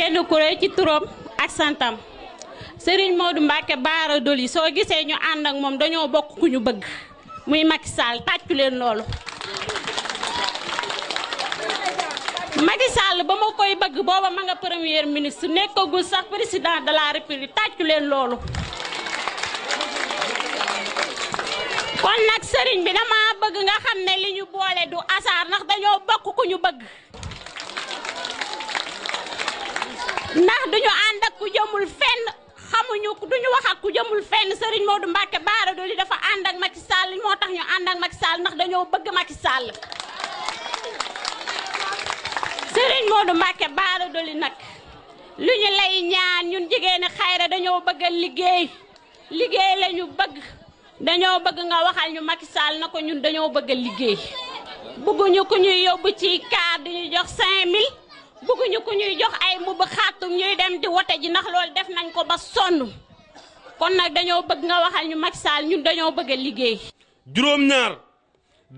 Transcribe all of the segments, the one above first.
kenn ku rëy ci turam ak santam Serigne Modou Mbacke Baara Doli so gisee ñu and ak mom dañoo bokk ku ñu bëgg muy Macky Sall tàccu leen loolu. Macky Sall ba ma koy bëgg booba ma nga premier ministre nekkagul sax président de la république taccu len lolu kon nak Serigne bi dama bëgg nga xam ne li ñu boole du asaar nak dañoo bokk ku ñu bëgg. ndax duñu ànd ak ku jëmul fenn xamuñu duñu wax ak ku jëmul fenn Serigne Modou Mbacke Bara Dolly dafa ànd ak Macky moo tax ñu ànd ak Macky ndax dañoo bëgg Macky Sall Serigne Modou Mbacke Bara nag lu ñu lay ñaan ñun jigéeni xayra dañoo bëgg a liggéey liggéey la ñu bëgg dañoo bëgg nga waxal ñu Macky Sall na ko ñun dañoo bëgg a liggéey bëgguñu ku ñuy yóbbu ci kaar di ñu jox 5000. bëgguñu ku ñuy jox ay mbubb xaatum ñuy dem di wote ji ndax loolu def nañ ko ba sonn kon nag dañoo bëgg nga waxal ñu Macky Sall ñun dañoo bëgg liggéey. juróom-ñaar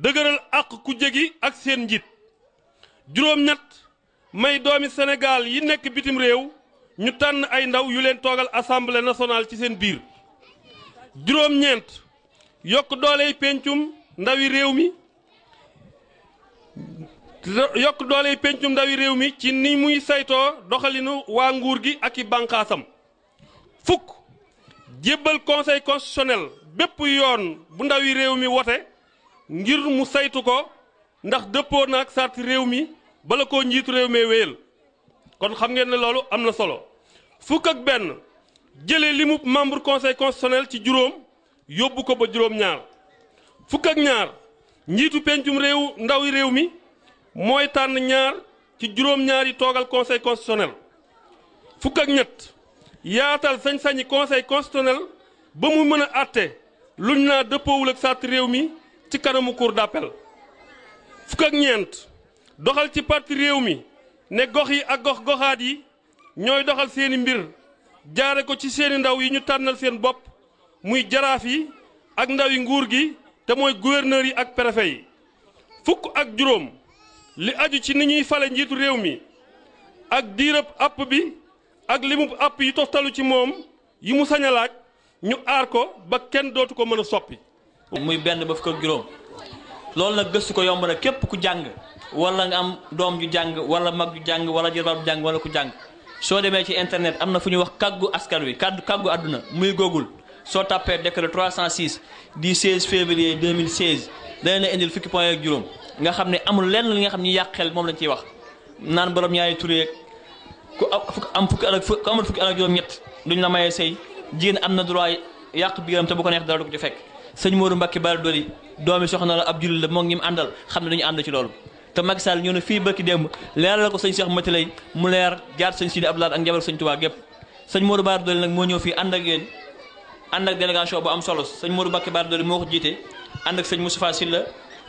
dëgëral àq ku jegi ak seen njiit juróom-ñett may doomi senegaal yi nekk bitim réew ñu tànn ay ndaw yu leen toogal assemblée nationale ci seen biir juróom-ñeent yokk dooley pencum ndawi réew mi. yokk doole pencum ndawi réew mi ci ni muy saytoo doxalinu waa nguur gi ak i banqaasam fukk jébbal conseil constitutionnel bépp yoon bu ndawi réew mi wote ngir mu saytu ko ndax dëppoo na ak sart réew mi bala koo njiitu réew mee wéyal kon xam ngeen ne loolu am na solo fukk ak benn jëlee limu membre conseil constitutionnel ci juróom yóbbu ko ba juróom ñaar fukk ak ñaar njiitu pencum réew ndawi réew mi mooy tànn ñaar ci juróom-ñaar yi toogal conseil constitutionnel fukk ak ñett yaatal sañ-sañi conseil constitutionnel ba mu mën a àtte luñ naa dëppowul ak sàtt réew mi ci kanamu cour d'appel fukk ak ñeent doxal ci parti réew mi ne gox yi ak gox goxaat yi ñooy doxal seeni mbir jaare ko ci seeni ndaw yi ñu tànnal seen bopp muy jaraaf yi ak ndaw nguur gi te mooy gouverneur yi ak préfet yi fukk ak juróom li aju ci ni ñuy fale njiitu réew mi ak diirab àpp bi ak limu àpp yi toftalu ci moom yi mu sañ ñu aar ko ba kenn dootu ko mën a soppi. muy benn ba fukk ak juróom loolu nag gëstu ko yomb na képp ku jàng wala nga am doom ju jàng wala mag ju jàng wala jërbaat ju jàng wala ku jàng soo demee ci internet am na fu ñuy wax kàggu askan wi kàddu kàggu àdduna muy Google soo tapé décret 306 du 16 février 2016 dana na indil fukki point ak juróom. nga xam ne amul lenn li nga xam ne yàq xel moom lañ ciy wax naan borom ñaari tureeg ku am fukki at ak ku amul fukki at juróom-ñett duñ la mayee sëy jigéen am na droit yàq biiram te bu ko neex dara du ko ci fekk sëñ Modou Mbacké Bara Dolly doomi soxna la ab jullit la moo ngi àndal xam ne dañu ànd ci lool te Macky Sall ñëw na fii bëkki démb leer la ko sëñ Cheikh Mati lay mu leer jaar sëñ Sidi Abdoulaye ak njabar sëñ Touba gépp sëñ Modou Bara Dolly nag moo ñëw fii ànd ak yéen ànd ak délégation bu am solo sëñ Modou Mbacké Bara Dolly moo ko jiite ànd ak sëñ Moustapha Sylla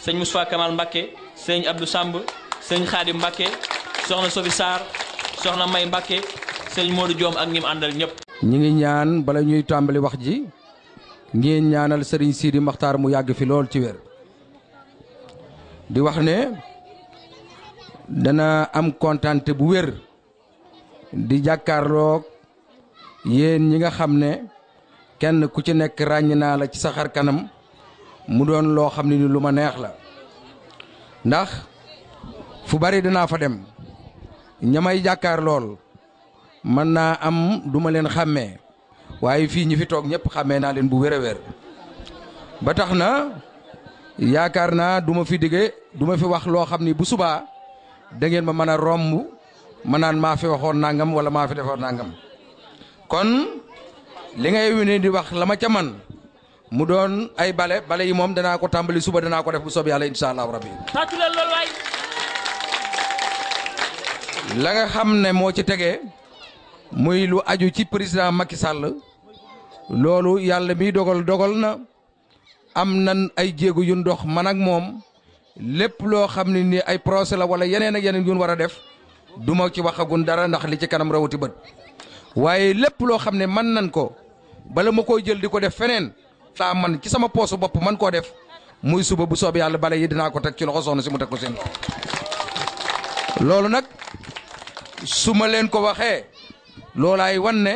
sëñ Moustapha Kamal Mbakke sëñ Abdou sàmb sëñ Xaadim Mbakke soxna Sofi Sarr soxna May Mbakke sëñ Modou Diom ak ñi mu àndal ñëpp. ñi ngi ñaan bala ñuy tàmbali wax ji ngeen ñaanal sëriñ Sidi Maxtaar mu yàgg fi lool ci wér di wax ne dana am kontante bu wér di jàkkaarloog yéen ñi nga xam ne kenn ku ci nekk ràññi naa la ci sa xar kanam. mu doon lo xamni ni luma neex la ndax fu bari dina fa dem ñamay jakar lool man na am duma len xamé waye fi ñi fi tok ñep xamé ya len bu wéré wér ba yaakar na duma fi dige duma fi wax lo xamni ni bu suba da ngeen ma mëna rombu romb ma naan fi waxon nangam wala ma fi nangam kon li ngay wine di wax lama ca man mu doon ay bale bale yi moom danaa ko tàmbali suba danaa ko def bu soob yàlla insha allahu rabbi tàccu leen loolu waay la nga xam ne moo ci tegee muy lu aju ci président Macky sàll loolu yàlla mi dogal dogal na am nan ay jéego yu ndox man ak moom lépp loo xam ne nii ay procès la wala yeneen ak yeneen yu war a def du ma ci waxagun dara ndax li ci kanam rawuti bët waaye lépp loo xam ne mën nan ko bala ma koy jël di ko def feneen taa man ci sama poosu bopp man koo def muy suba bu soob yàlla bale yi dinaa ko teg ci loxo soxna si mu teg ko seen loolu nag su ma leen ko waxee loolaay wan ne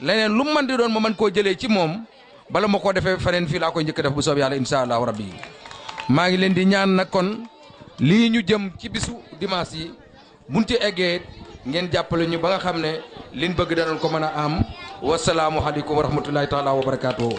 leneen lu man di doon ma mën koo jëlee ci moom bala ma koo defee feneen fii laa koy njëkk def bu soob yàlla incha allahu rabbi maa ngi leen di ñaan nag kon lii ñu jëm ci bisu dimanche yi buñ ci eggee ngeen jàppale ñu ba nga xam ne liñ bëgg danañ ko mën a am wasalaamualeykum wa rahmatullahi taala wa barakaatu.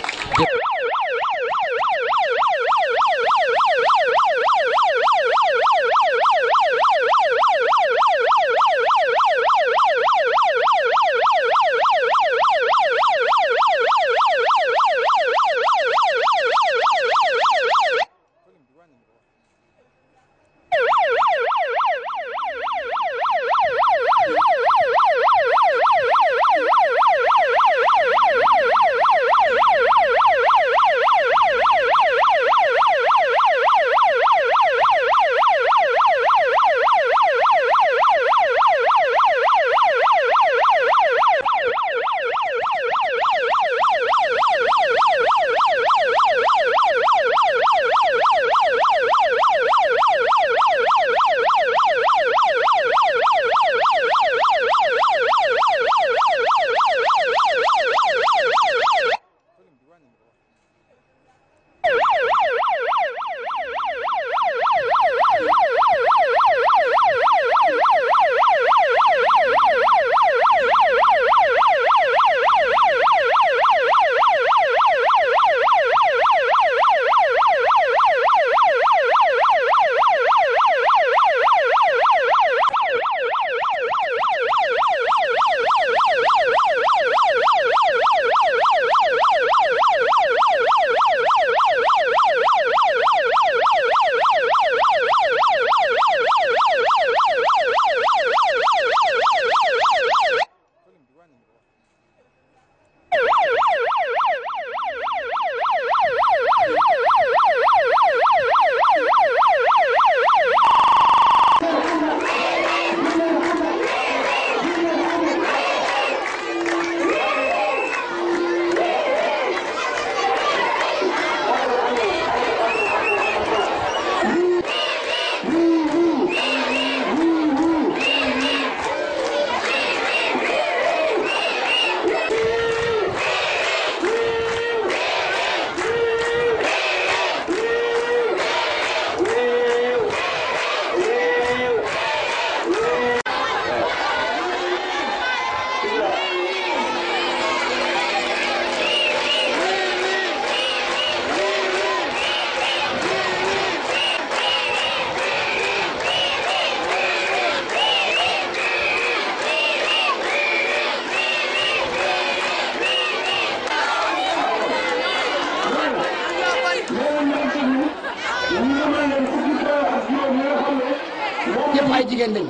ay jigéen lañ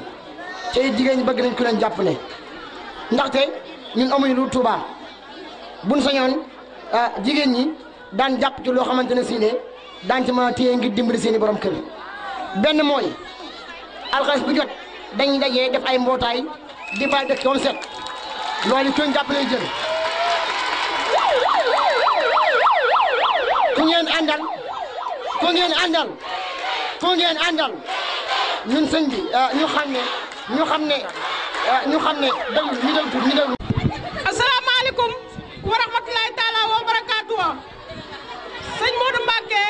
te jigéen ñi bëgg nañ ku leen jàppale ndaxte ñun amuñu lu Touba buñ sañoon ah, jigéen ñi daan jàpp ci loo xamante ne si ne daan ci mën a téye ngir dimbali seen i borom kër benn mooy alxames bu jot dañuy dajee def ay mbootaay di baal dëkk moom set loolu coono jàpp lay jël ku ngeen àndal ku ngeen àndal ñun sëñ bi ah, ñu xam ne ñu xam ne ah, ñu xam ñu déglu ñu déglu. asalaamaaleykum wa rahmatulahi taala wa barakaatu sëñ Modou Mbacke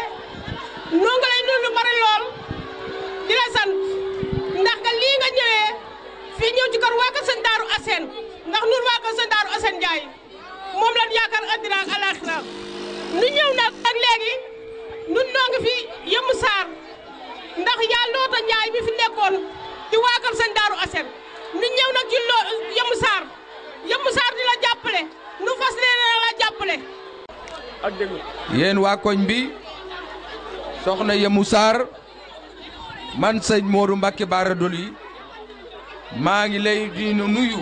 noo ngi lay nuyu lu bari lool di la ndax nga nga ñëwee fii ñëw ci kër waa kër sëñ Daaru Assène ndax nun waa kër sëñ Daaru Assène Ndiaye moom lan yaakaar addina ak alaxira nu ñëw nag ak léegi nun noo fi yëmu saar. ndax yaa loota njaay mi fi nekkoon di waakam seen daaru asen nu ñëw nag ci loo yëmu saar di la jàppale nu fas leen la jàppale ak waa koñ bi soxna yëmu saar man sëñ Modou Mbacke Bara Dolly maa ngi lay di nuyu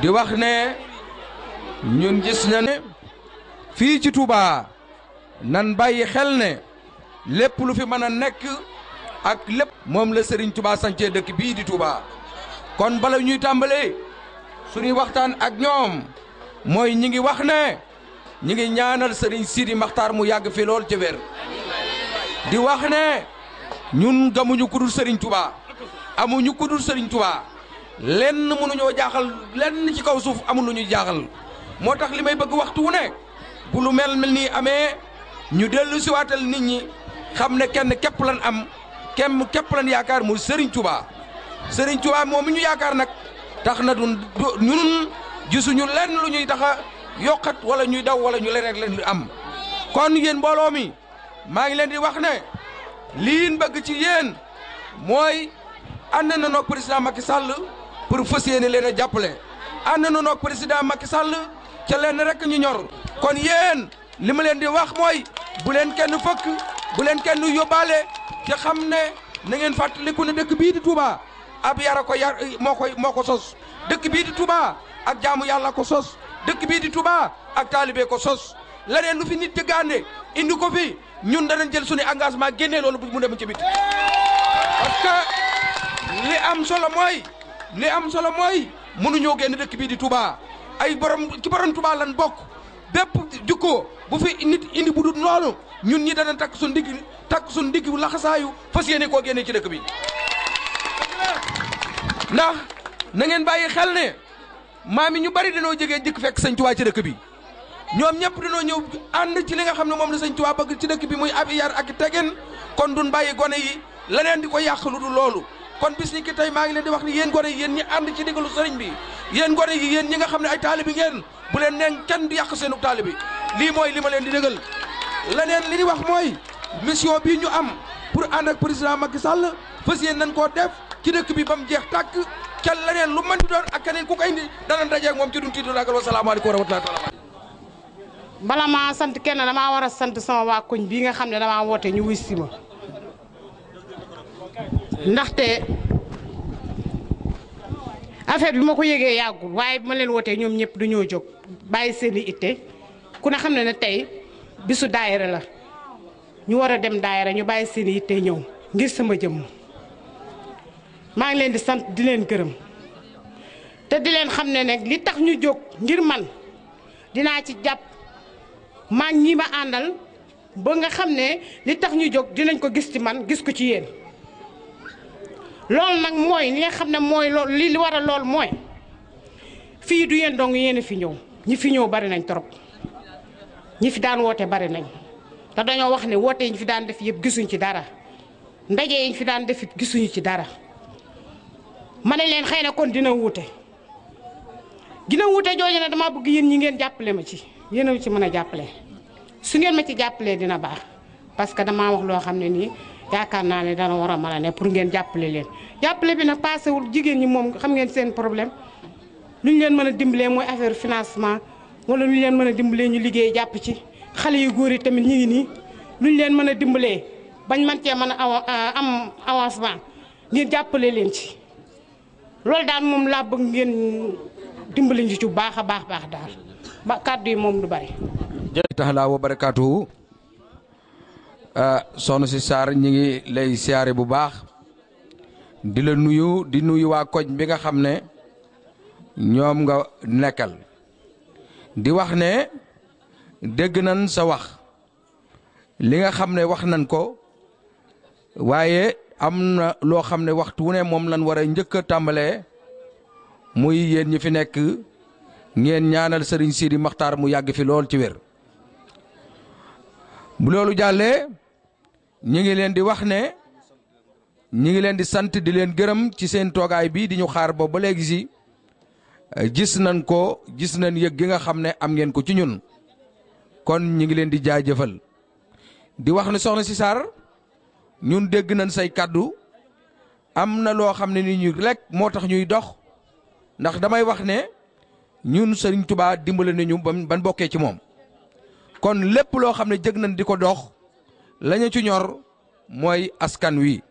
di wax ne ñun gis na ne fii ci Touba nan bàyyi xel ne lépp lu fi mën a nekk ak lépp moom la Serigne Touba sancee dëkk bii di Touba kon bala ñuy tàmbalee suñuy waxtaan ak ñoom mooy ñu ngi wax ne ñu ngi ñaanal Serigne Sidi Maxtaar mu yàgg fi lool ci wér di wax ne ñun gamuñu kudul sëriñ Touba amuñu kudul sëriñ Touba lenn mënuñoo jaaxal lenn ci kaw suuf amul lu ñu jaaxal moo tax li may bëgg waxtu wu ne bu lu mel mel nii amee ñu dellu siwaatal nit ñi xam ne kenn képp lan am kenn képp lan yaakaar muy Serigne Touba Serigne Touba moom mi ñu yaakaar nag tax na du ñun gisuñu leen lu ñuy tax a yokkat wala ñuy daw wala ñu leneen leen am kon yéen mbooloo mi maa ngi leen di wax ne liin bëgg ci yéen mooy ànn na noog président Macky sàll pour fas yéene leen a jàppale ànd na noog président Macky Sall ca leen rek ñu ñor kon yéen li ma leen di wax mooy bu leen kenn fëkk bu leen kenn yóbbaale te xam ne na ngeen fàttaliku ne dëkk bii di Touba ab yara ko yar moo koy moo ko sos dëkk bii di ak jaamu yàlla ko sos dëkk bii di Touba ak taalibe ko sos leneen lu fi nit dëggaande indi ko fi ñun danañ jël suñu engagement génnee loolu bu mu dem ci bit parce que li am solo mooy li am solo mooy mënuñoo génn dëkk bii di Touba ay borom ci borom Touba lan bokk bépp jukkoo bu fi nit indi bu dul noonu ñun ñi dana takk suñ ndigg takk su ndigg bu laxasaayu fas yéene koo génne ci dëkk bi ndax na ngeen bàyyi xel ne maam yi ñu bari noo jege jëkk fekk sëñ Tuubaa ci dëkk bi ñoom ñëpp dañoo ñëw ànd ci li nga xam ne moom la sëñ Tuubaa bëgg ci dëkk bi muy ab yar ak tegin kon duñ bàyyi gone yi neen di ko yàq lu dul loolu kon bis ni tey maa ngi leen di wax ni yéen gone yi ñi ànd ci digalu sëriñ bi yéen gone yi yéen ñi nga xam ne ay taalibi ngeen bu leen neen kenn di yàq seenu taalibi lii mooy li ma leen di dëgal leneen li di wax mooy mission bii ñu am pour ànd ak président Macky Sall fas yéen nañ koo def ci dëkk bi ba mu jeex tàkk kenn leneen lu mën di doon ak keneen ku koy indi danañ daje ak moom ci dun tiidu ragal wa salaamaaleykum wa rahmatullahi taala bala maa sant kenn damaa war a sant sama waa koñ bii nga xam ne damaa wootee ñu wuy si ma ndaxte affaire bi ma ko yégee yàggul waaye bi ma leen wootee ñoom ñëpp dañoo jóg bàyyi seen i itte ku ne xam ne ne tey bisu daayira la ñu war a dem daayira ñu bàyyi seen i itte ñëw ngir sama jëmm maa ngi leen di sant di leen gërëm te di leen xam ne nag li tax ñu jóg ngir man dinaa ci jàpp maa ngi ñi ma àndal ba nga xam ne li tax ñu jóg dinañ ko gis ci man gis ko ci yéen. loolu nag mooy li nga xam ne mooy lool li li war a lool mooy fii du yéen dong yéen a fi ñëw ñi fi ñëw bari nañ trop ñi fi daan woote bari nañ te dañoo wax ne woote yi ñu fi daan def yëpp gisuñ ci dara ndaje yi fi daan def gisuñu ci dara ma ne leen xëy na kon dina wuute gina wuute jooju ne dama bëgg yéen ñi ngeen jàppale ma ci yéen a ci mën a jàppale su ngeen ma ci jàppalee dina baax parce que damaa wax loo xam ne nii. yaakaar naa ne dana war a mën ne pour ngeen jàppale leen jàppale bi nag paasewul jigéen ñi moom xam ngeen seen problème lu ñu leen mën a dimbalee mooy affaire financement wala lu leen mën a dimbalee ñu liggéey jàpp ci xale yu góor yi tamit ñu ngi nii luñ leen mën a dimbalee bañ man cee mën a am avancement ngeen jàppale leen ci loolu daan moom laa bëgg ngeen dimbali ñu ci bu baax a baax baax daal ba kàddu yi moom lu bari. jërëjëf taala wa barakaatu Eh, sonu ci sar ñi ngi lay siaré bu baax di la nuyu di nuyu wa koñ bi nga xamné ñom nga nekkal di wax né dégg nañ sa wax li nga xamné wax nañ ko wayé am na loo ne waxtu wu ne moom lañ wara ñëk tambalé muy yeen ñi fi nekk ngeen ñaanal serigne Sidi mu yagg fi lool ci wër bu lolou ñu ngi leen di wax ne ñu ngi leen di sant di leen gërëm ci seen toogaay bi di ñu xaar boobu ba léegi si eh, gis nañ ko gis nañ yëg gi nga xam ne am ngeen ko ci ñun kon ñu ngi leen di jaa jaajëfal di wax ne soxna si Sarr ñun dégg nañ say kàddu am na loo xam ne ni ñu lekk moo tax ñuy dox ndax damay wax ne ñun Sëriñ Tubaa dimbale nañu ban bokkee ci moom kon lépp loo xam ne jëg nañ di ko dox lañu ci ñor mooy askan wi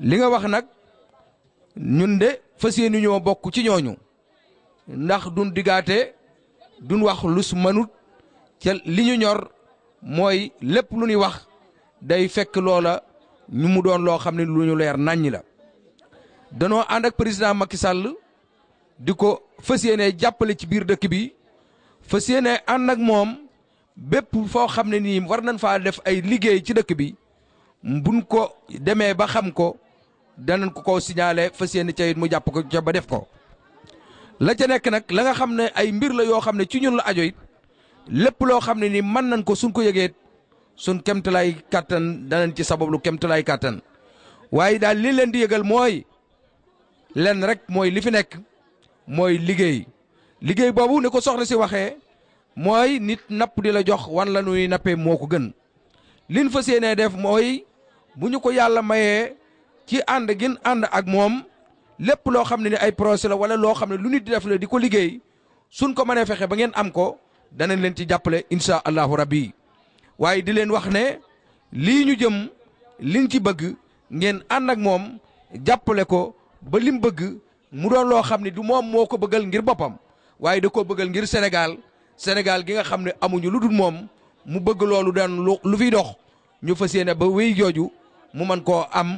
li nga wax nag ñun de fas yéene bokk ci ñooñu ndax duñ digaate duñ wax lus mënut ca li ñu ñor mooy lépp lu ñuy wax day fekk loola ñu mu doon loo xam ne lu ñu leer nàññi la danoo ànd ak président Macky sàll di ko fas yéene jàppale ci biir dëkk bi fas yéene ànd ak moom bépp foo xam ne nii war nañ faa def ay liggéey ci dëkk bi buñ ko demee ba xam ko danañ ko ko signalé fa yéene cayit mu jàpp ko ca ba def ko la ca nekk nag la nga xam ne ay mbir la yoo xam ne ci ñun la ajo it lépp loo xam ne nii mën nañ ko suñ ko yëgeet suñ kemtalaay kàttan danan ci sabablu kemtalaay kàttan waaye daal li leen di yëgal mooy lenn rek mooy li fi nekk mooy liggéey liggéey boobu ni ko soxna si waxee mooy nit napp di la jox wan la nappee moo ko gën lin fa séenee def mooy bu ñu ko yàlla mayee ci ànd gin ànd ak moom lépp loo xam ne ni ay procès la wala loo xam ne lu nit di def la di ko liggéey suñ ko manee fexe ba ngeen am ko danañ leen ci jàppale insha allahu rabbi waaye di leen wax ne lii ñu jëm liñ ci bëgg ngeen ànd ak moom jàppale ko ba lim bëgg mu doon loo xam ne du moom moo ko bëggal ngir boppam waaye da koo bëggal ngir Sénégal Sénégal gi nga xam ne amuñu lu dul moom mu bëgg loolu daan lu fi dox ñu fas yéene ba wéy jooju mu mën koo am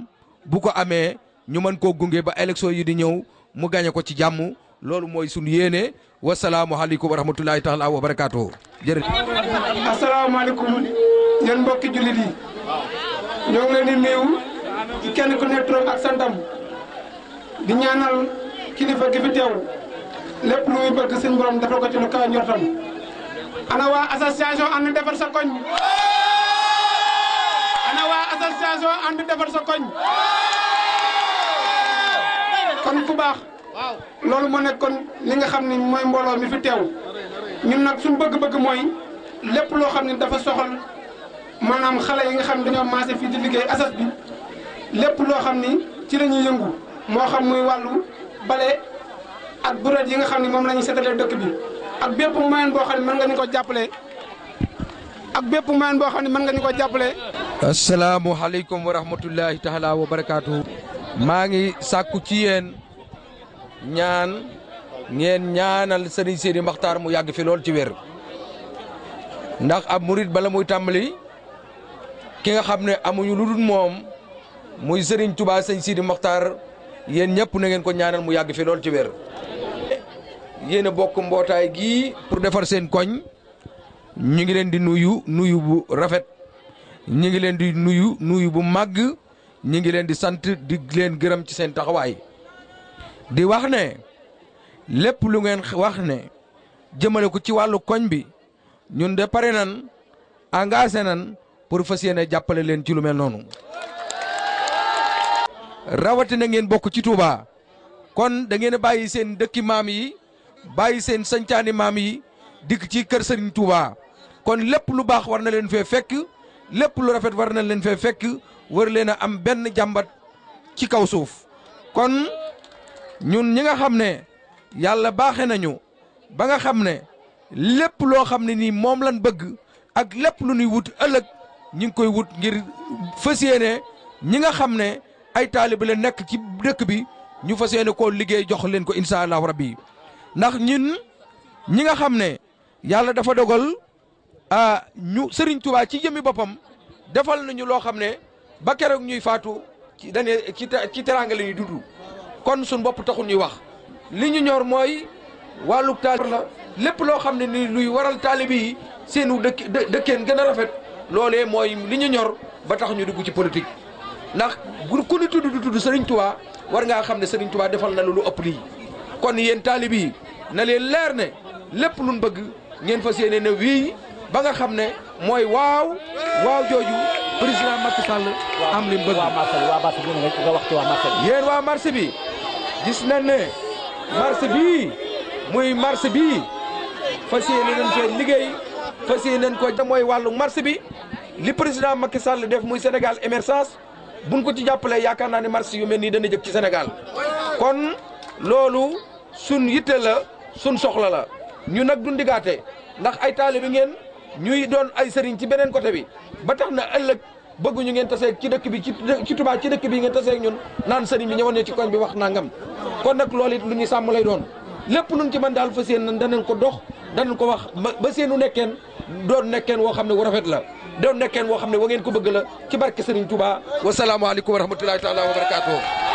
bu ko amee ñu mën koo gunge ba élection yi di ñëw mu gañe ko ci jàmm loolu mooy sunu yéene wasalaamualeykum wa rahmatulahi taala wa barakaatu. jërëjëf. asalaamaaleykum yéen mbokki jullit yi ñoo leen di nuyu ci kenn ku nekk turam ak santam di ñaanal kilifa gi fi teew. lépp lu muy bëgg suñu borom defal ko ci lu kawe njortam ana waa association ànd defar sa koñ ana waa association ànd defar sa koñ kon ku baax loolu moo nekkoon kon li nga xam ni mooy mbooloo mi fi teew ñun nag suñu bëgg-bëgg mooy lépp loo xam ni dafa soxal maanaam xale yi nga xam dañoo maase fii di liggéey asas bi lépp loo xam ni ci la ñuy yëngu moo xam muy wàllu bale ak bureet yi nga xamni mom lañu sétalé dëkk bi ak bépp moyen bo xamni man nga ñu ko jàppale ak bépp moyen bo xamni man nga ñu ko assalamu alaykum wa rahmatullahi taala wa barakatuh ma ngi sakku ci yeen ñaan ngeen ñaanal sëriñ Sidi Maxtaar mu yàgg fi lool ci wër ndax ab mourid bala muy tambali ki nga xam amuñu luddul mom muy sëriñ touba sëñ Sidi Maxtaar. yéen ñëpp na ngeen ko ñaanal mu yàgg fi loolu ci wér yéen a bokk mbootaay gii pour defar seen koñ ñu ngi leen di nuyu nuyu bu rafet ñu ngi leen di nuyu nuyu bu màgg ñu ngi leen di sant di leen gërëm ci seen taxawaay di wax ne lépp lu ngeen wax ne jëmale ko ci wàllu koñ bi ñun de pare nan engagé nan pour fas yéene jàppale leen ci lu mel noonu. rawatina ngeen bokk ci Touba kon dangeen a bàyyi seen dëkki maam yi bàyyi seen sancaani maam yi dikk ci kër Serigne Touba kon lépp lu baax war na leen fee fekk lépp lu rafet war na leen fee fekk war leen a am benn jàmbat ci kaw suuf kon ñun ñi nga xam ne yàlla baaxe nañu ba nga xam ne lépp loo xam ne nii moom lañ bëgg ak lépp lu ñuy wut ëllëg ñi ngi koy wut ngir fas yéene ñi nga xam ne ay taalibe leen nekk ci dëkk bi ñu fas yéene koo liggéey jox leen ko incha allahu rabbi ndax ñun ñi nga xam ne yàlla dafa dogal ah ñu sëriñ Touba ci jëmmi boppam defal nañu loo xam ne ba keroog ñuy faatu ci dañuy ci ci teraanga la dund kon suñ bopp taxul ñuy wax li ñu ñor mooy wàllu taalib la lépp loo xam ne ni luy waral taalib yi seenu dëkk dëkkeen gën a rafet loolee mooy li ñu ñor ba tax ñu dugg ci politique. ndax ku ni tuddu tuddu serigne touba war nga xamne serigne touba defal na lu ëpp li kon yeen taalib yi na leen leer ne lepp luñ bëgg ngeen fas ne wi ba nga xamne moy waw waw joju jooju président Macky Sall am li bëgg wa yéen wa marché bi gis nañ ne marché bii muy marché bi fas yéene nañ fee liggéey fas yéene nañ ko moy walu marché bi li président Macky Sall def moy Sénégal émergence buñ ko ci jàppalee yaakaar naa ne marché yu mel nii dana jëkk ci Sénégal kon loolu sun yitte la sun soxla la ñu nag du ndigaate ndax ay taalibe ngeen ñuy doon ay sëriñ ci beneen côté bi ba tax na ëllëg bëgguñu ngeen taseeg ci dëkk bi ci Touba ci dëkk bi ngeen taseeg ñun naan sëriñ bi ñëwoon ne ci koñ bi wax nangam kon nag loolu it lu ñuy sàmm lay doon lépp luñ ci man daal fa seen nan danañ ko dox danañ ko wax ba seenu nekkeen doon nekkeen woo xam ne wu rafet la doon nekkeen woo xam ne wa ngeen ko bëgg la ci barke Serigne Touba wasalaamaaleykum wa rahmatulahi taala wa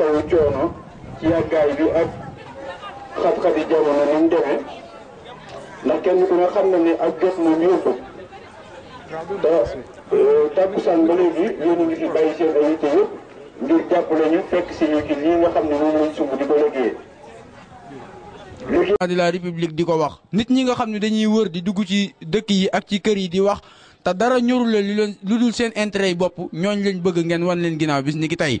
sawu jono ci yàggaay bi ak xat-xati xat jamono ni demé demee ndax kenn ku ne xam na ak jot moom yóbbu te euh, tàkkusaan ba léegi yéen a ngi fi bàyyi seen ay yitte yëpp ngir jàppale ñu fekk ci ñu ci li nga xam mo moom lañ sumb di ko liggéey de la république diko wax nit ñi nga xamni dañuy wër di dugg ci dëkk yi ak ci kër yi di wax ta dara ñorul leen lu dul seen intérêt bop ñoñ lañ bëgg ngeen wan leen ginaaw bis ni ki tey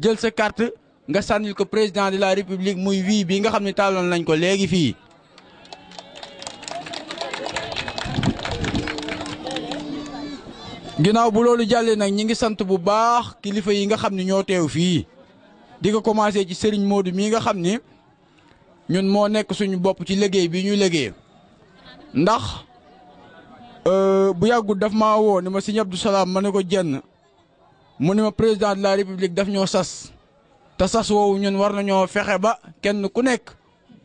jël sa carte nga sànnil ko président de la république muy wii bi nga xam ne taaloon nañ ko léegi fii. ginnaaw bu loolu jàllee nag ñi ngi sant bu baax kilifa yi nga xam ne ñoo teew fii di ko commencé ci Serigne Modou mii nga xam ni ñun moo nekk suñu bopp ci liggéey bi ñuy liggéey ndax euh, bu yàggul daf maa woo ni ma si Serigne Abdou Salam ma ne ko jenn mu ne ma président de la république daf ñoo sas te sas woowu ñun war nañoo fexe ba kenn ku nekk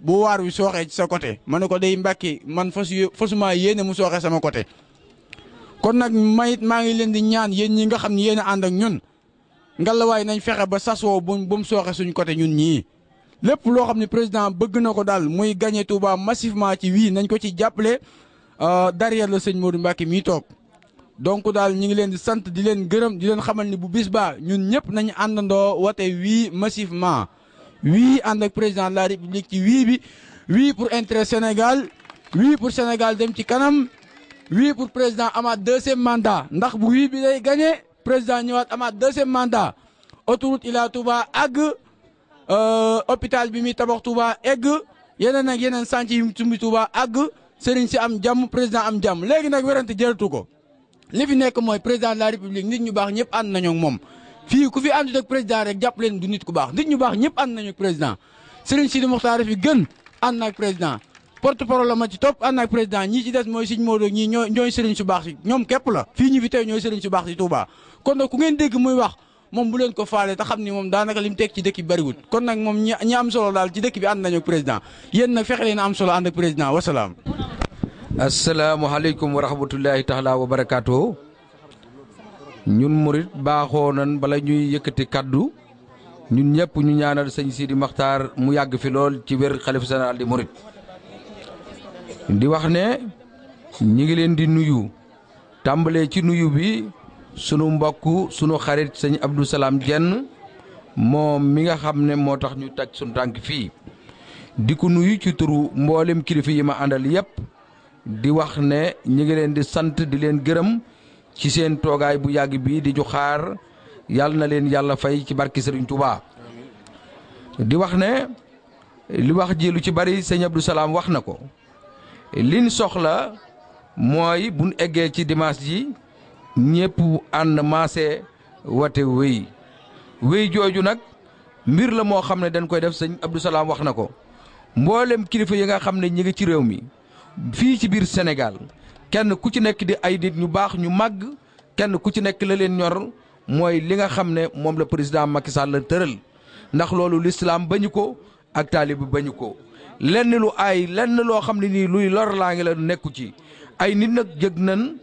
bu waar wi sooxee ci sa côté ma ne ko day mbàkki man fa fas fasuma yéene mu sooxee sama côté. kon nag mayit maa ngi leen di ñaan yéen ñi nga xam ne yéen a ànd ak ñun ngallaawaay nañ fexe ba sas woowu bu mu sooxee suñu côté ñun ñii. lépp loo xam ne président bëgg na ko daal muy gagné Touba massivement ci wii nañ ko ci jàppale euh, derrière la sëñ Modou Mbacke mii toog donc daal ñu ngi leen di sant di leen gërëm di leen xamal ni bu bis baa ñun ñëpp nañu àndandoo wate wii massivement wii ànd ak président de la république ci wii bi wii pour intérêt Sénégal wii pour Sénégal dem ci kanam wii pour président amaat deuxième mandat ndax bu wii bi day gañe président ñëwaat amaat deuxième mandat autoroute Ila Touba àgg euh, hôpital bi muy tabax Touba egg yeneen ak yeneen sànc yi mu sumbi àgg sëriñ si am jàmm président am jàmm léegi nag werante jërëtu ko. li fi nekk mooy président de la république nit ñu baax ñëpp ànd nañoo moom fii ku fi àndut ak président rek jàpp leen du nit ku baax nit ñu baax ñëpp ànd nañu ak président Serigne Sidi Mokhtar fi gën ànd na ak président porte parole la ma ci topp ànd na ak ñii ci des mooy Sëñ Modou ñii ñoo ñooy Serigne su baax si ñoom képp la fii ñu fi tey ñooy Serigne su baax si Touba kon nag ku ngeen dégg muy wax moom bu leen ko faale te xam ni moom daanaka lim teg ci dëkk bi bëriwul kon nag moom ñi am solo daal ci dëkk bi ànd nañu ak yéen nag fexe leen am solo ànd ak Assalamu'alaikum warahmatullahi taala wabarakatuh. ñun murid baaxoo nan bala ñuy yëkëti kaddu ñun ñëpp ñu ñaanal señ Sidi makhtar mu yagg fi lool ci wër khalifa di murid di wax ne ñi ngi leen di nuyu tambalé ci nuyu bi sunu mbokk suñu xarit señ Abdou Salam Jenn mom mi nga xam ne tax ñu taj suñu tank fi di nuyu ci turu mboolem kilifi yi ma àndal yëpp di wax ne ñi ngi leen di sant di leen gërëm ci seen toogaay bu yàgg bi di ju xaar yàlla na leen yàlla fay ci barki Serigne Touba di wax ne li wax ji lu ci bari sëñ Abdou Salaam wax na ko liñ soxla mooy buñ eggee ci dimanche ji ñépp ànd maase wate wéy wéy jooju nag mbir la moo xam ne dañ koy def sëñ Abdou Salaam wax na ko kilifa yi nga xam ñi ngi ci réew mi fii ci biir Sénégal kenn ku ci nekk di ay nit ñu baax ñu màgg kenn ku ci nekk la leen ñor mooy li nga xam ne moom la président Macky Sall la tëral ndax loolu lislaam bañu ko ak taalib bi bañu ko lenn lu aay lenn loo xam ne nii luy lor laa ngi la nekku ci ay nit nag jëg nan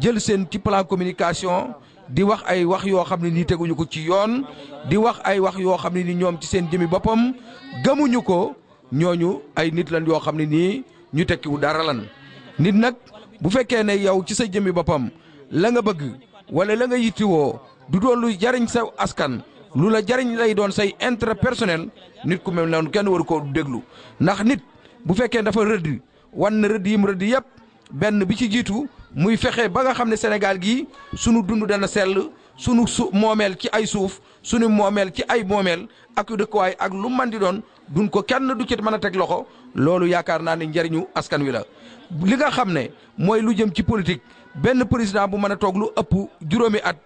jël seen ci plan communication di wax ay wax yoo xam ne nii teguñu ko ci yoon di wax ay wax yoo xam ne nii ñoom ci seen jëmi boppam gëmuñu ko ñooñu ay nit lan yoo xam ne nii ñu tekkiwu dara lan nit nag bu fekkee ne yow ci sa jëmmi boppam la nga bëgg wala la nga yittiwoo du doon lu jariñ sa askan lu la jariñ lay doon say intérêt personnel nit ku mel noonu kenn waru koo déglu ndax nit bu fekkee dafa rëdd wanna na rëdd yim yëpp benn bi ci jiitu muy fexe ba nga xam ne Sénégal gii sunu dund dana sell sunu su moomeel ci ay suuf sunu moomeel ci ay moomeel ak dëkkuwaay ak lu man di doon duñ ko kenn du ci mën a teg loxo loolu yaakaar naa ne njariñu askan wi la li nga xam ne mooy lu jëm ci politique benn président bu mën a toog lu ëpp juróomi at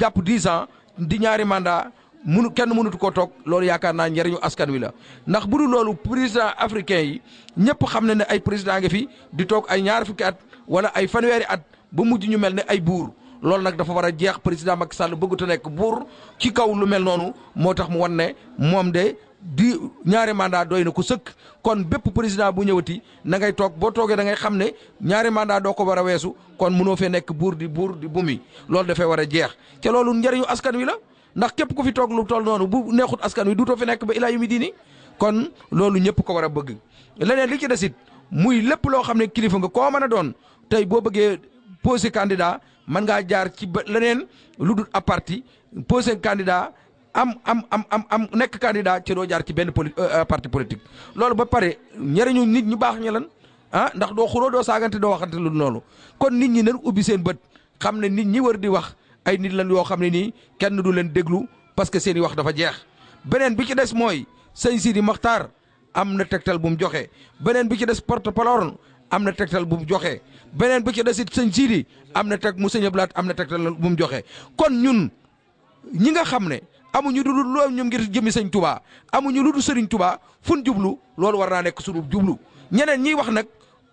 jàpp dix ans di ñaari mandat munu kenn mënatu ko toog loolu yaakaar naa njariñu askan wi la ndax bu dul loolu président africain yi ñëpp xam ne ne ay président nga fi di toog ay ñaari fukki at wala ay fanweeri at ba mujj ñu mel ni ay buur loolu nag dafa war a jeex président Macky Sall bëggut a nekk buur ci kaw lu mel noonu moo tax mu wan ne moom de di ñaari mandat doy na ko sëkk kon bépp président bu ñëwati na ngay toog boo toogee da xam ne ñaari mandat doo ko war a weesu kon mënoo fee nekk buur di buur di bumi loolu dafay war a jeex te loolu njëriñu askan wi la ndax képp ku fi toog lu toll noonu bu neexut askan wi duutoo fi nekk ba ilaa yu mi diini kon loolu ñëpp ko war a bëgg leneen li ci desit muy lépp loo xam ne kilifa nga koo mën a doon tey boo bëggee posé candidat mën ngaa jaar ci leneen lu dul à parti posé candidat am am am am am nekk candidat ci do jaar ci ben euh, euh, parti politique loolu ba pare ñariñu nit ñu bax ñi lan ah ndax doo xuro doo saagante doo waxante lu nonu kon nit ñi nañ ubi seen bëtt xamné nit ñi wër di wax ay nit lan yo xamné ne kenn du leen déglu parce que seen wax dafa jeex benen bi ci des moy seigne Sidi makhtar am tektal bu mu joxé benen bi ci des porte parole am tektal bu mu joxé benen bi ci des it sëñ Sidi am tek mu seigne blat am tektal bu mu joxé kon ñun ñi nga xamné amuñu lu dul loolu ñoom ngir jëmi sañ tubaa amuñu lu dul sëriñ tubaa fun jublu loolu war naa nekk sunu jublu ñeneen ñiy wax nag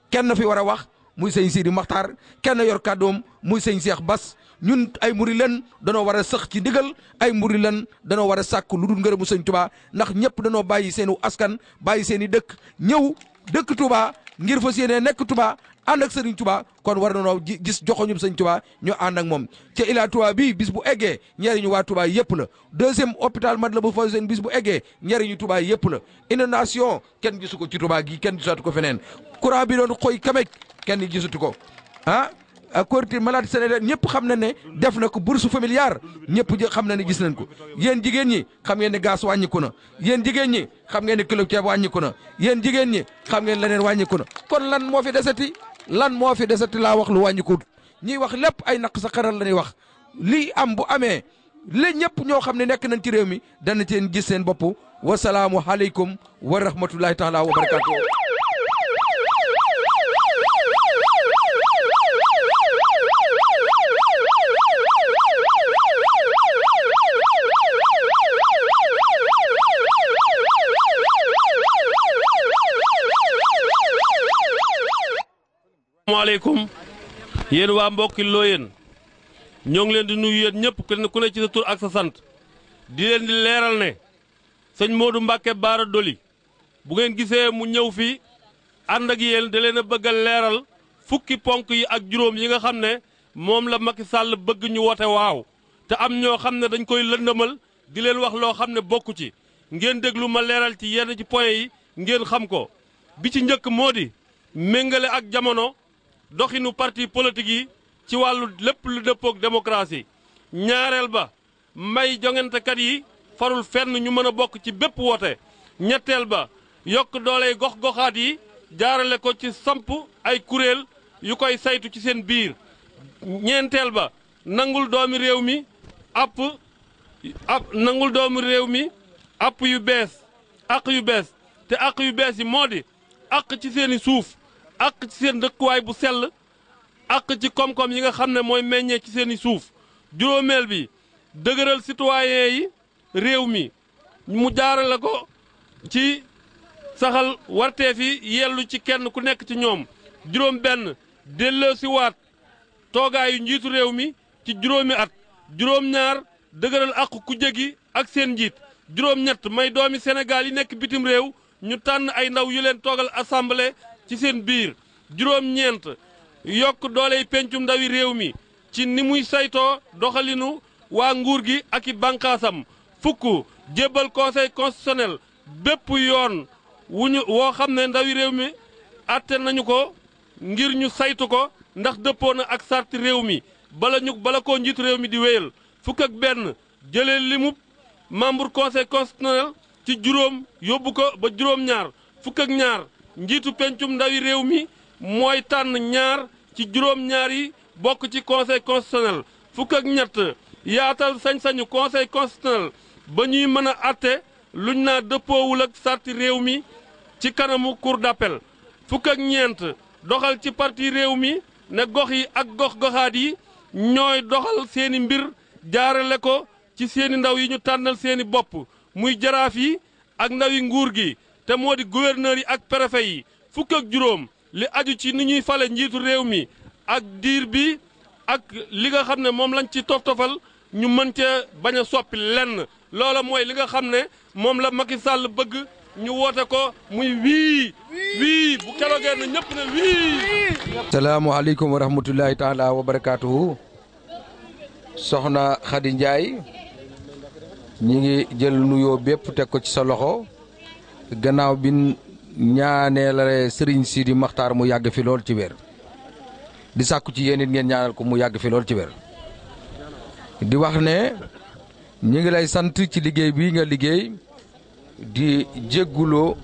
kenn fi war a wax muy sëñ Sidi Maxtaar kenn yor kàddoom muy sëñ Seex Bas ñun ay muri len danoo war a sëx ci ndigal ay muri len danoo war a sàkk lu dul ngërëmu sëñ tubaa ndax ñëpp danoo bàyyi seenu askan bàyyi seen i dëkk ñëw dëkk tubaa ngir fa yéene nekk tubaa ànd ak Serigne Touba kon war nañoo gis joxoñu Serigne Touba ñu ànd ak moom ca Ila Touba bii bis bu eggee njariñu waa Touba yëpp la deuxième hôpital Matlaboul Fawzeyni bis bu eggee njariñu Touba yëpp la inondation kenn gisu ko ci Touba gi kenn gisatu ko feneen courant bi doon xoy kamek kenn gisatu ko ah couverture maladie Sénégal ñëpp xam na ne def na ko bourse familiale ñëpp xam na ne gis nañ ko yéen jigéen ñi xam ngeen ne gaz wàññiku na yéen jigéen ñi xam ngeen ne kilo ceeb wàññiku na yéen jigéen ñi xam ngeen leneen wàññiku na kon lan moo fi desati lan moo fi desati laa wax lu wàññikut ñuy wax lépp ay naq sa xaral la ñuy wax lii am bu amee la ñëpp ñoo xam ne nekk nañ ci réew mi dana teen gis seen bopp wasalaamu aleykum wa rahmatullahi taala wa barakatuh asalaamaaleykum waa mbokki looyeen ñoo ngi leen di nuyu yéen ñëpp kenn ku ne ci sa tur ak sa sant di leen di leeral ne sëñ Modou Mbacke Baara Doli bu ngeen gisee mu ñëw fii ànd ak yéen da leen a bëgg leeral fukki ponk yi ak juróom yi nga xam ne moom la Macky sàll bëgg ñu woote waaw te am ñoo xam ne dañ koy lëndëmal di leen wax loo xam ne bokku ci ngeen déglu ma leeral ci yenn ci point yi ngeen xam ko bi ci njëkk moo di méngale ak jamono doxinu parti politique yi ci wàllu lépp lu dëppook démocratie ñaareel ba may jongantekat yi farul fenn ñu mën a bokk ci bépp woote ñetteel ba yokk dooley gox-goxaat yi jaarale ko ci samp ay kuréel yu koy saytu ci seen biir ñeenteel ba nangul doomi réew mi app nangul doomu réew mi app yu bees aq yu bees te aq yu bees yi moo di aq ci seeni suuf ak ci seen dëkkuwaay bu sell ak ci koom-koom yi nga xam ne mooy meññee ci seeni suuf juróomeel bi dëgëral citoyen yi réew mi mu jaarale ko ci saxal warteef yi yellu ci kenn ku nekk ci ñoom juróom benn delloo waat toogaayu njiitu réew mi ci juróomi at juróom ñaar dëgëral ak ku jégi ak seen njiit juróom ñett may doomi Sénégal yi nekk bitim réew ñu tànn ay ndaw yu leen toogal assemblée ci seen biir juróom-ñeent yokk dooley pencum ndawi réew mi ci ni muy saytoo doxalinu waa nguur gi ak i bànqaasam fukk jébbal conseil constitutionnel bépp yoon wu woo xam ne ndawi réew mi atte nañu ko ngir ñu saytu ko ndax dëppoo na ak sarti réew mi bala ñu bala koo njiitu réew mi di wéyal fukk ak benn jële limub membre conseil constitutionnel ci juróom yóbbu ko ba juróom-ñaar fukk ak ñaar njiitu pencum ndawi réew mi mooy tànn ñaar ci juróom-ñaar yi bokk ci conseil constitutionnel fukk ak ñett yaatal sañ-sañu conseil constitutionnel ba ñuy mën a atte luñ naa dëppoowul ak sarti réew mi ci kanamu cour d'appel fukk ak ñeent doxal ci parti réew mi ne gox yi ak gox-goxaat yi ñooy doxal seeni mbir jaarale ko ci seeni ndaw yi ñu tànnal seeni bopp muy jaraaf yi ak ndawi nguur gi te moo di gouverneur yi ak préfet yi fukk ak juróom li aju ci ni ñuy fale njiitu réew mi ak diir bi ak li nga xam ne moom lañ ci toftofal ñu mën cee bañ a soppi lenn loola mooy li nga xam ne moom la Macky Sall bëgg ñu woote ko muy wii wii bu keroogee na ñëpp ne wii soxna Khady njaay ñi ngi jël nuyoo bépp teg ko ci sa loxo gannaaw bi ñaaneelare serigne Sidi makhtar mu yàgg fi lol ci wér di sakku ci yéen ngeen ñaanal ko mu fi lol ci wér di wax ne ñi ngi lay sant ci liggéey bi nga liggéey di jéggulo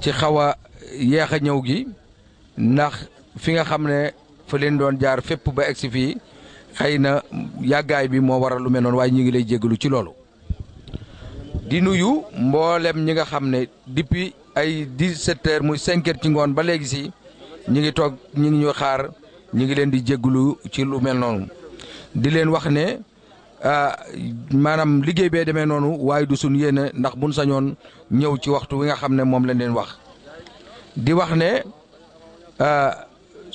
ci xawa a yeex a gi ndax fi nga xam fa leen doon jaar ba ex fi xeyna bi mo waral lu mel ñi ngi lay jéggalu ci lolou di nuyu mbooleem ñi nga xam ne depuis ay dix-sept muy cinq ci ngoon ba léegi si ñi ngi toog ñi ngi ñu xaar ñi ngi leen di jéggulu ci lu mel noonu di leen wax ne ah, maanaam liggéey bee demee noonu waaye du suñ yéene ndax buñ sañoon ñëw ci waxtu wi nga xam ne moom lañ leen wax di wax ne ah,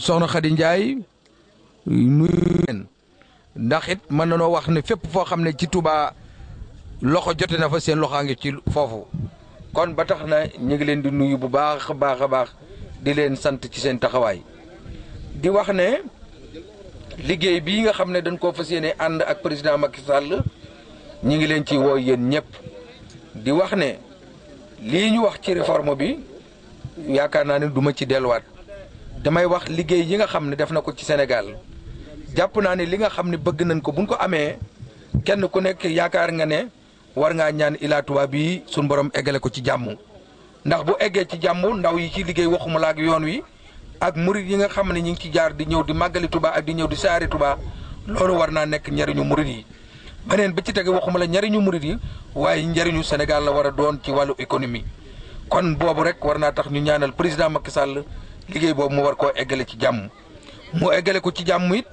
soxna Xadi Njaay nuyu leen ndax it mën na noo wax ne fépp foo xam ne ci tubaa loxo jote na fa seen loxa ngi ci fofu kon ba tax na ngi leen di nuyu bu baax baax baax di leen sante ci seen taxaway di wax ne liggéey bi nga xamne dañ ko fassiyene and ak président Macky Sall ñi ngi leen ci wo yeen ñëpp di wax ne li ñu wax ci réforme bi yaakaar naa ne duma ci delluwaat damay wax liggéey yi nga xam ne def na ko ci Sénégal jàpp naa ne li nga xam ne bëgg nañ ko buñ ko amee kenn ku nekk yaakaar nga ne war nga ñaan Ila tuba bi sun borom eggale ko ci jamm ndax bu eggee ci jamm ndaw yi ci liggéey waxuma la ak yoon wi ak mourid yi nga xam ne ñi ngi ci jaar di ñew di magali tuba ak di ñew di saari tuba lolu war nek nekk njariñu murit yi benen bi ci tege waxuma la njariñu mourid yi Sénégal la wara doon ci walu économie kon bobu rek war tax ñu ñaanal président Macky Sall liggéey bobu mu war ko eggale ci jamm mu eggale ko ci jamm it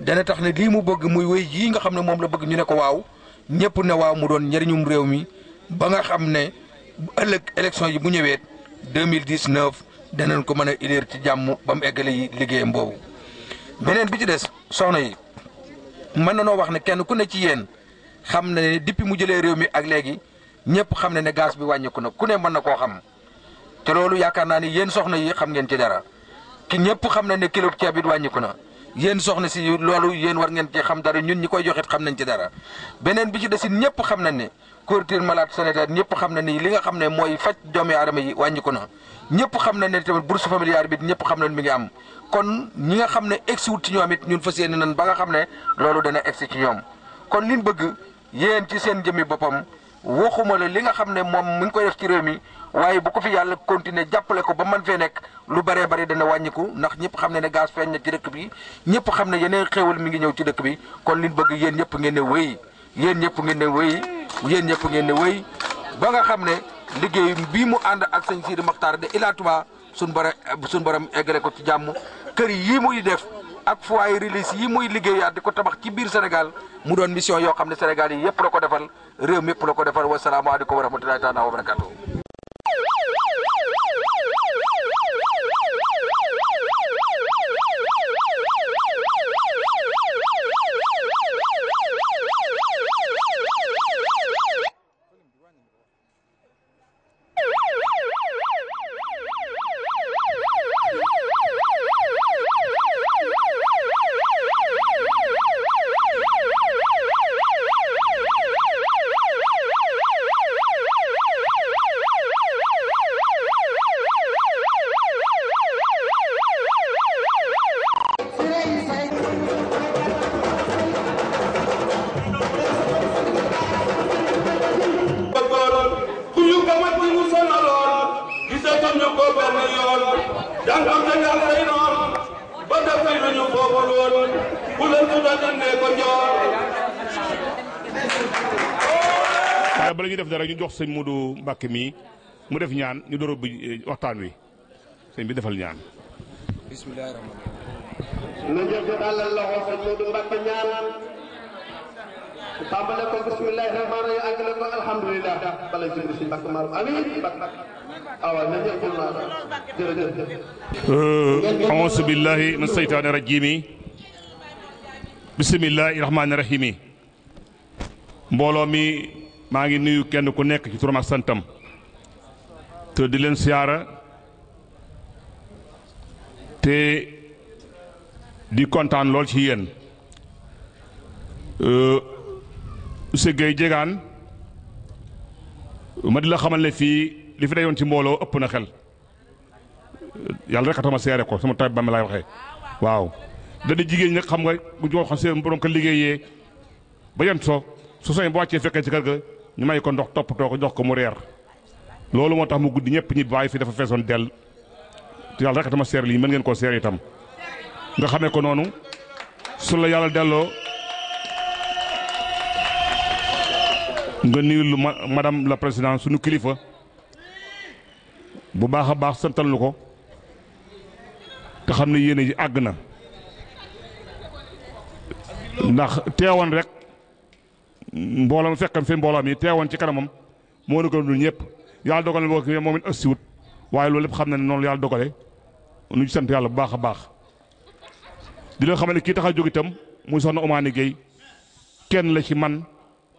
dana tax ne li mu bëgg muy wéy yii nga xamne mom la bëgg ñu ne ko waaw ñëpp ne waaw mu doon njëriñum réew mi ba nga xam ne ëllëg élection yi bu ñëwee 2019 danañ ko mën a ileer ci jàmm ba mu eggale yi liggéeyam boobu. beneen bi ci des soxna yi mën na noo wax ne kenn ku ne ci yéen xam ne depuis mu jëlee réew mi ak léegi ñëpp xam ne ne gaz bi wàññeeku na ku ne mën na koo xam te loolu yaakaar naa ne yéen soxna yi xam ngeen ci dara ki ñëpp xam na ne kilo ceeb it wàññeeku na. yéen soxna si loolu yéen war ngeen ci xam dara ñun ñi koy joxit xam nañ ci dara beneen bi ci desit ñëpp xam nañ ne couverture maladie sanitaire ñëpp xam na ni li nga xam ne mooy faj doomi aadama yi wàññiku na ñëpp xam nañ ne tamit bourse familiale bi ñëpp xam nañ mi ngi am kon ñi nga xam ne egsi wut ci ñoom it ñun fas yéene nan ba nga xam ne loolu dana egsi ci ñoom kon liñ bëgg yéen ci seen jëmmi boppam waxuma la li nga xam ne moom mu ngi koy def ci réew mi waaye bu ko fi yàlla continuer jàppale ko ba man fee nekk lu bare bari dana wàññiku ndax ñëpp xam ne ne gaz feeñ na ci dëkk bi ñëpp xam ne yeneen xéewal mi ngi ñëw ci dëkk bi kon liñ bëgg yéen ñëpp ngeen ne wéy yéen ñëpp ngeen ne wéy yéen ñëpp ngeen ne wéy ba nga xam ne liggéey bii mu ànd ak sëñ Sidi Maxtaar de Ila Touba suñ borom suñ borom eggale ko ci jàmm kër yii muy def ak ay religieux yi muy liggéeyaat di ko tabax ci biir Sénégal mu doon mission yoo xam ne Sénégal yi yëpp la ko defal réew mi yëpp la ko defal wasalaamualeykum wa rahmatullahi taala wa barakatuh jox señ Modou Mbacke mi mu def ñaan ñu doro bi eh, waxtaan wi señ bi defal ñaan. bismillahir rahmanir rahim na jël la loxo señ Modou Mbacke ñaan. tambale ko bismillahir rahmanir rahim ak la ko alhamdulilah. bala ci señ Mbacke Maal amiin Mbacke. waaw na jël jël naa jërëjëf. Euh, auzu billaahi min seytaani rajiim. bismillaahi rahmaani rahiim. mbooloo mi. maa ngi nuyu kenn ku nekk ci turam santam te di leen siyaara te di kontaan lool ci yéen euh, Sëggéey Jegaan ma di la xamal ne fii li fi dayoon ci mbooloo ëpp na xel yàlla rek atama seere ko sama tab ba ma laay waxee waaw da di jigéen nag xam nga bu ñu ko xam seen borom ko liggéeyee ba yem so su soñ bu wàccee fekkee ci kër ga ñu may ko ndox toppatoo ko jox ko mu reer loolu moo tax mu guddi ñëpp ñi bàyyi fi dafa feesoon dell yàlla rek dama seer lii mën ngeen koo seer itam nga xamee ko noonu su la yàlla delloo nga nuyu lu ma madame la présidente sunu kilifa bu baax a baax santal nu ko te xam ne yéene ji àgg na ndax teewoon rek. mbooloom fekkam fi mbooloom yi teewoon ci kanamam moo gën dul ñëpp yàlla dogal na ko moom it ëssiwut waaye loolu lépp xam na ne noonu yàlla dogale nu sant yàlla bu baax a baax di leen xam ne kii tax a jóg itam muy soxna Omaani Gueye kenn la ci man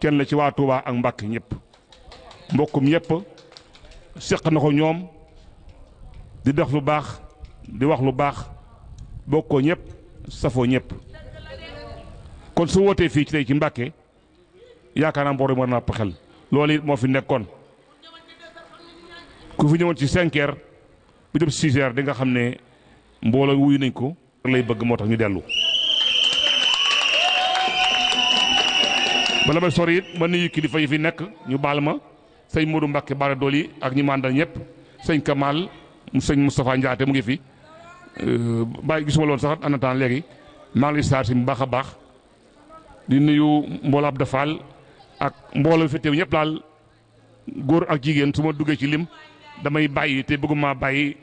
kenn la ci waa Touba ak Mbàkke ñépp mbokkum ñëpp seq na ko ñoom di dox lu baax di wax lu baax bokkoo ñëpp safoo ñëpp kon su wootee fii ci tey ci Mbàkke yaakaar naa mbooloo mën naa xel loolu it moo fi nekkoon ku fi ñëwoon ci cinq heures bu jëm six di nga xam ne mbooloo wuy nañ ko lay bëgg moo tax ñu dellu bala ba sori it mën nañu kilifa yi fi nekk ñu baal ma sëñ Modou Mbacke Bara Dolly ak ñi màndal ñëpp sëñ mu sëñ Moustapha Ndiaate mu ngi fi euh, bàyyi gisuma loon sax en attendant léegi maa ngi saar si bu baax a baax di nuyu mbooloo Abdou ak mbooloo fi teew ñëpp daal góor ak jigéen su ma duggee ci lim damay bàyyi te bëgguma bàyyi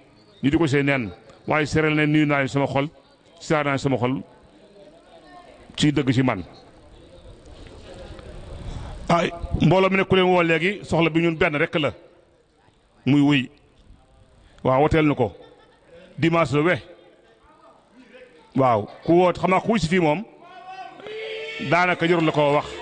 ñu di ko see neen waaye sereel ne nuyu naa sama xol siyaar naa sama xol ci dëgg ci man ay mbooloo mi ne ku leen woo léegi soxla bi ñun benn rekk la muy wuy waaw woteel na ko dimanche la we waaw ku woot xam naa si fii moom daanaka jarul la ko wax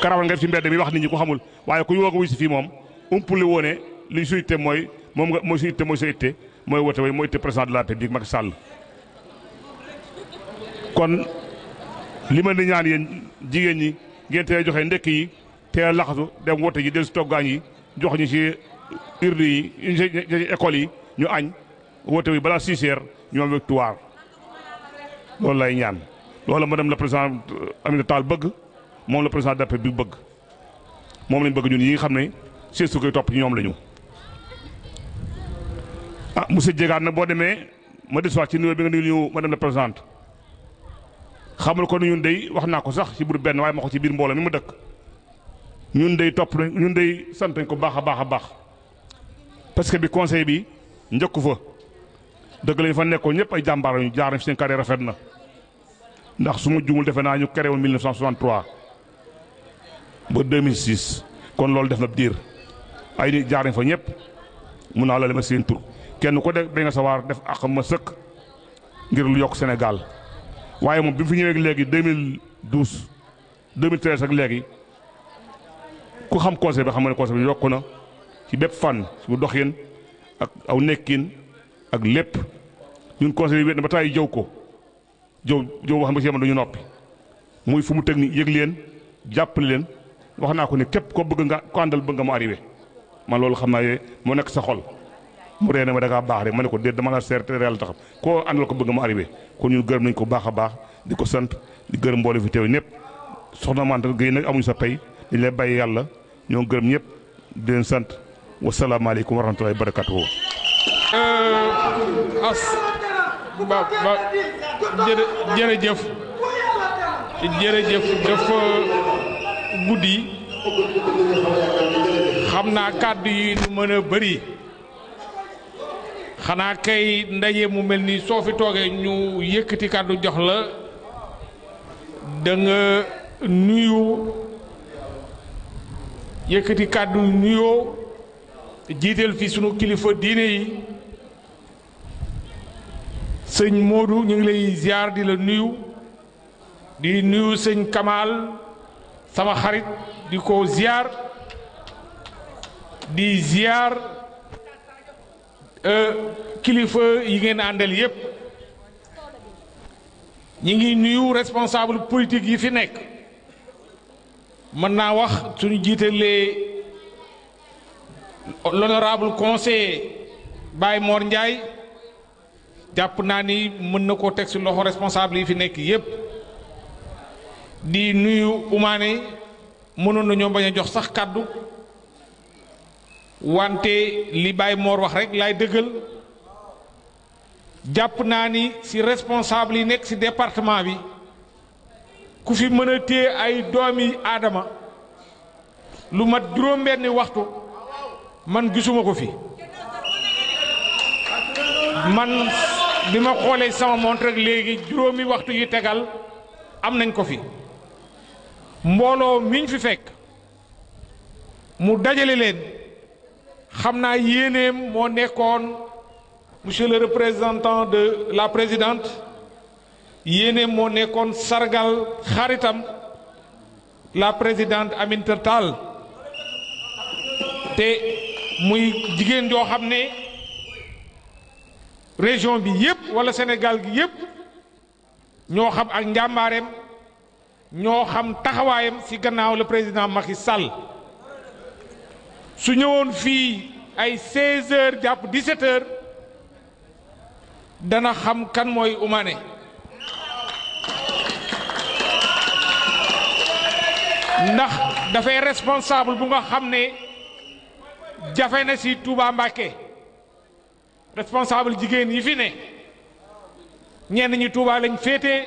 karawal nga def ci mbedd mi wax nit ñi ko xamul waaye ku ñu woo nga wuy si fii moom umpuli woone li suñu itte mooy moom nga mooy suñu itte mooy sa itte mooy woote way mooy itte président de la République Macky Sall kon li ma ñaan yéen jigéen ñi ngeen teel a joxe ndekki yi teel a laxasu dem woote ji del si toggaañ yi jox ñu ci urne yi ci école yi ñu añ woote wi balaa six heures ñu am victoire loolu lay ñaan loolu madame la présidente euh, Aminata Tall bëgg moom la président de la bi bëgg moom lañ bëgg ñun yi nga xam ne seestu koy topp ñoom la ñu. ah monsieur Diegane nag boo demee ma desuwaat ci niwe bi nga nuyu madame la présidente xamul ko ni ñun day wax naa ko sax ci biir benn waaye ma ko ci biir mbooloo mi ma dëkk ñun day topp nañ ñun day sant ko baax a baax a baax parce que bi conseil bi njëkku fa dëgg lañ fa nekkoon ñëpp ay jàmbaar lañu jaar nañ fi seen carrière rafet na ndax su ma jumul defe naa ñu créé woon 1963. ba 2006 kon loolu def na biir ay nit jaar nañ fa ñëpp mun naa la leen seen kenn ku de bay nga sa def ak ma sëkk ngir yokk Sénégal waaye moom bi mu fi ñëwee léegi 2012 2013 ak léegi ku xam conseil bi xam nga ne conseil bi yokku na ci bépp fànn su doxin ak aw nekkin ak lépp ñun conseil bi wéet na ba tàyyi jëw ko jëw jëw wax nga si yemandoo ñu noppi muy fu mu teg ni yëg leen jàppale leen. wax naa ko ne képp ko bëgg nga ko àndal bëgg nga mu arrivé man loolu xam naa mu nekk sa xol mu ree ma da baax rek ma ne ko déet dama la seer te yàlla taxam koo àndal ko bëgg mu arrivé kon ñun gërëm nañ ko baax a baax di ko sant di gërëm mboole fi teew ñëpp soxna Manta Gueye nag amuñu sa pay dañ lay bàyyi yàlla ñoo gërëm ñëpp di leen sant wasalaamaaleykum wa rahmatulahi barakatuhu euh, as ba ba jërëjëf jërëjëf dafa guddi xam naa kàddu yi du mën a bëri xanaa kay ndaje mu mel nii soo fi toogee ñu yëkkati kàddu jox la da nuyu yëkkati kàddu nuyoo jiital fi sunu kilifa diine yi sëñ Modou ñu ngi lay ziar di la nuyu di nuyu sëñ Kamal. sama xarit di ko ziar di ziar euh, kilifa yi ngeen àndal yépp ñi ngi nuyu responsable politique yi fi nekk mën naa wax suñu jiitalee l'honorable conseiller Baye moor Ndiaye jàpp naa ni mën na koo teg ci loxo responsable yi fi nekk yépp di nuyu umaane yi mënoon nañoo bañ a jox sax kàddu wante li Baye Mor wax rek laay dëggal jàpp naa ni ci responsable yi nekk ci département bi ku fi mën a téye ay doomi aadama lu mat juróom-benni waxtu man gisuma ko fi man bi ma xoolee sama montre rek léegi juróomi waxtu yu tegal am nañ ko fi mbolo miñ fi fek mu dajale len xamna yene mo monsieur le représentant de la présidente yene mo nekkoon sargal xaritam la présidente amintertal, Tertal. te muy jigen yo xamné région bi yépp walla Sénégal gi yépp ño xam ak njambarem ñoo xam taxawaayam ci gannaaw la président Macky Sall su ñëwoon fii ay 16 heures jàpp 17 heures dana xam kan mooy umaane ndax dafay responsable bu nga xam ne jafe na si Touba Mbacké responsable jigéen yi fi ne ñenn ñi Touba lañ féete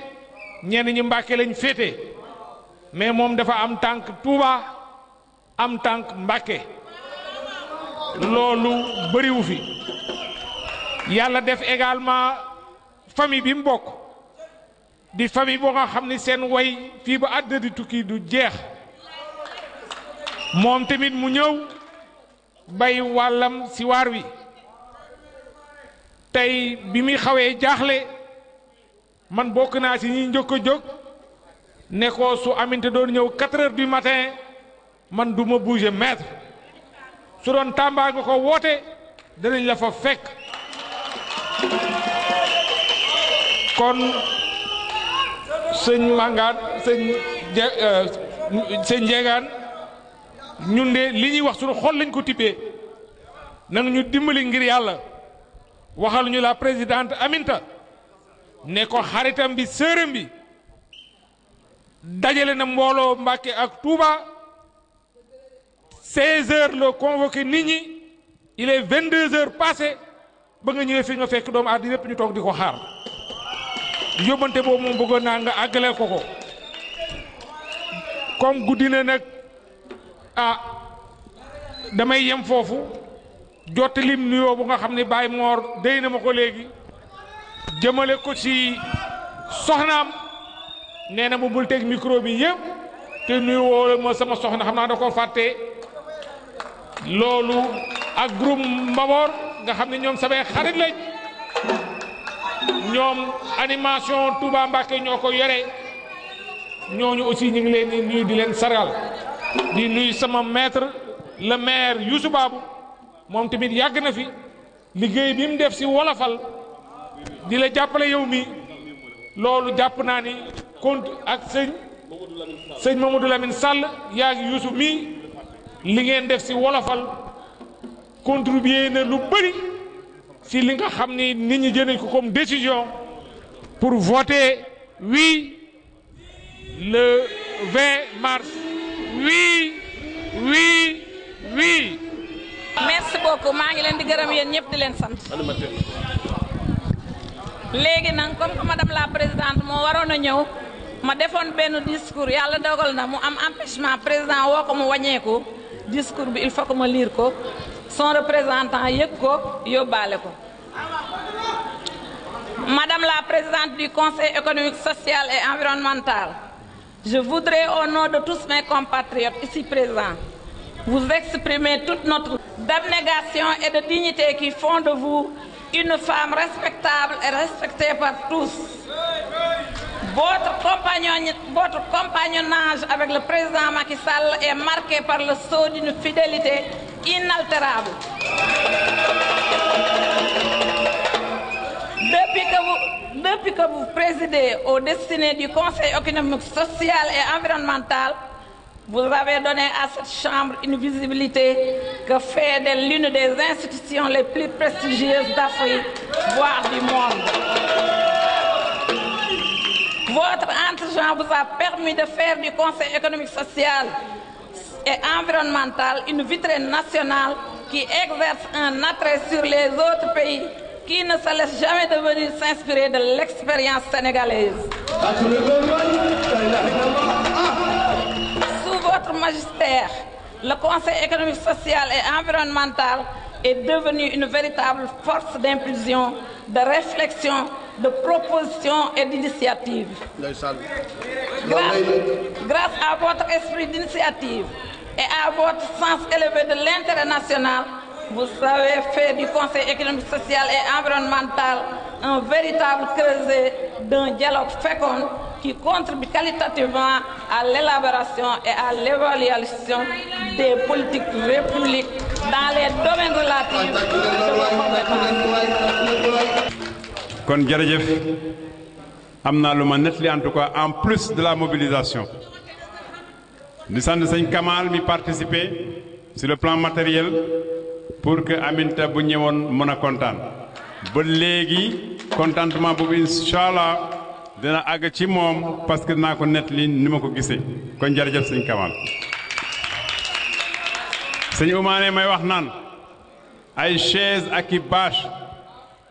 ñenn ñi Mbacké lañ féete mais moom dafa am tànk Touba am tànk Mbàkke loolu bëriwu fi yàlla def également famille bi mu bokk di famille boo nga xam ni seen way fii ba àddina di tukki du jeex moom tamit mu ñëw bay wàllam si waar wi tey bi muy xawee jaaxle man bokk naa si ñi njëkk a jóg Neko ko su aminte doon ñew 4 h du matin man duma bouger maître su don tamba nga ko dañ la fa fekk kon sëñ mangat sëñ euh, sëñ njeegaan ñun de li ñi wax suñu xol lañ ko tipé nang ñu dimbali ngir yalla waxal ñu la présidente aminta ne ko xaritam bi bi dajale na mbooloo Mbàkke ak Touba 16 heures la convoqué nit ñi il est 22 heures passé ba nga ñëwee fi nga fekk doomu aadama yépp ñu toog di ko xaar yóbbante boobu moom bëggoon naa nga àggale ko ko comme guddi na nag ah damay yem foofu jottalim nuyoo bu nga xam ne Baye Mor déy na ma ko léegi jëmale ko ci soxnaam. neena mu bul tek micro bi yeb te nuyoo mo sama soxna xamna da ko faté loolu ak groupe mbaboor nga xamni ñom sabay xarit lañ ñom animation Touba Mbacké ñoko ko ñoñu aussi ñu ngi leen di nuyu di leen saral di nuy sama maître le maire yousou Babou mom tamit yag na fi liggey bi mu def ci wolofal di la jappalé yow mi loolu japp na ni contre ak sëñ sëñ Mamadou Lamine Sall yaa ngi Mi, li ngeen def ci wolofal contribuer na lu bari ci li nga xamni nit ñi jëne ko comme décision pour voter oui le 20 mars oui oui oui. merci beaucoup ma ngi leen di gërëm yeen ñëpp di leen sant. légui nag comme madame la présidente mo waroon a ñëw ma discours il son représentant Madame la présidente du Conseil économique, social et environnemental, je voudrais au nom de tous mes compatriotes ici présents vous exprimer toute notre dénégation et de dignité qui font de vous une femme respectable et respectée par tous votre, compagnonnage avec le président Macky Sall est marqué par le saut d'une fidélité inaltérable. Depuis que, vous, présidez au destinées du Conseil économique, social et environnemental, vous avez donné à cette Chambre une visibilité que fait de l'une des institutions les plus prestigieuses d'Afrique, voire du monde. Votre intelligence vous a permis de faire du Conseil économique, social et environnemental une vitrine nationale qui exerce un attrait sur les autres pays qui ne se laissent jamais devenir s'inspirer de l'expérience sénégalaise. Sous votre magistère, le Conseil économique, social et environnemental est devenu une véritable force d'impulsion, de réflexion de propositions et d'initiatives. Grâce, à votre esprit d'initiative et à votre sens élevé de l'intérêt national, vous avez fait du Conseil économique, social et environnemental un véritable creuset d'un dialogue fécond qui contribue qualitativement à l'élaboration et à l'évaluation des politiques républiques dans les domaines relatifs kon jërëjëf amna naa netli en tout cas en plus de la mobilisation di sant Seigne Kamal mi participer sur le plan matériel pour que Aminta bu ñëwoon mën a kontaan ba légui, contentement boobu incha allah dina àgg ci parce que na ko netli ni ma ko gissé. kon jërëjëf Seigne Kamal Seigne Oumane may wax nan, ay chaise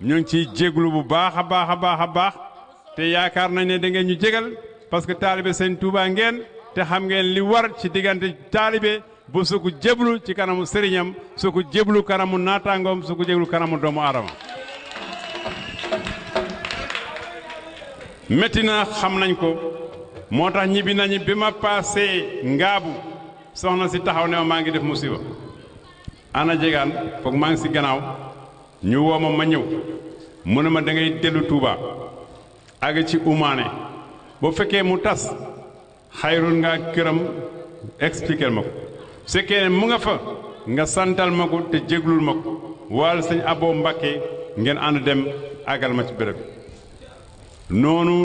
ñu ci jéglu bu baax baax te yaakaar nañ ne da ngeen ñu jégal parce que taalibe sëñ Touba ngeen te xam ngeen li war ci diggante taalibe bu suku ko jéblu ci kanamu sëriñam suku ko jéblu kanamu naataangoom suku ko kanamu doomu aadama metti na xam nañ ko moo tax bi ma passé ngaabu soxna si taxaw ne ma maa ngi def musiba ana jegaan foog maa ngi si gannaaw ñu woo ma ma ñëw mu ne ma da ngay dellu Touba àgg ci umaane boo fekkee mu tas xayrul nga këram expliquer ma ko su ne mu nga fa nga santal ma ko te jéglul ma ko waal sëñ Abo Mbàkke ngeen ànd dem agal ma ci béréb noonu